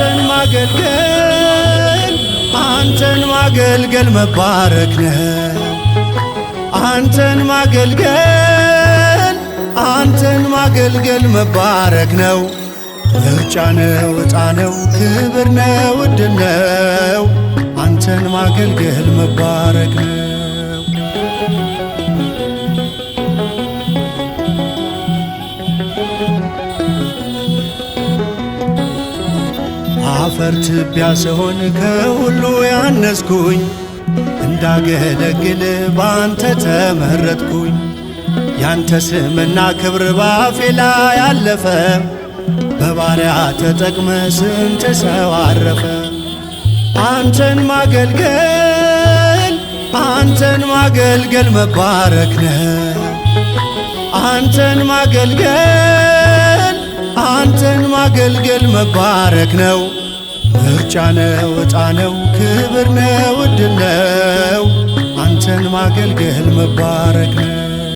አንተን ማገልገል አንተን ማገልገል መባረክ ነህ አንተን ማገልገል አንተን ማገልገል መባረክ ነው። ምርጫ ነው፣ ዕጣ ነው፣ ክብር ነው፣ ዕድል ነው አንተን ማገልገል መባ አፈር ትቢያ ስሆን ከሁሉ ያነስኩኝ እንዳገለግል ባንተ ተመረጥኩኝ። ያንተ ስምና ክብር ባፌ ላይ አለፈ። በባሪያ ተጠቅመ ስንት ሰው አረፈ። አንተን ማገልገል አንተን ማገልገል መባረክ ነው። አንተን ማገልገል ማገልገል መባረክ ነው። ምርጫ ነው፣ ዕጣ ነው፣ ክብር ነው፣ ዕድል ነው። አንተን ማገልገል መባረክ ነው።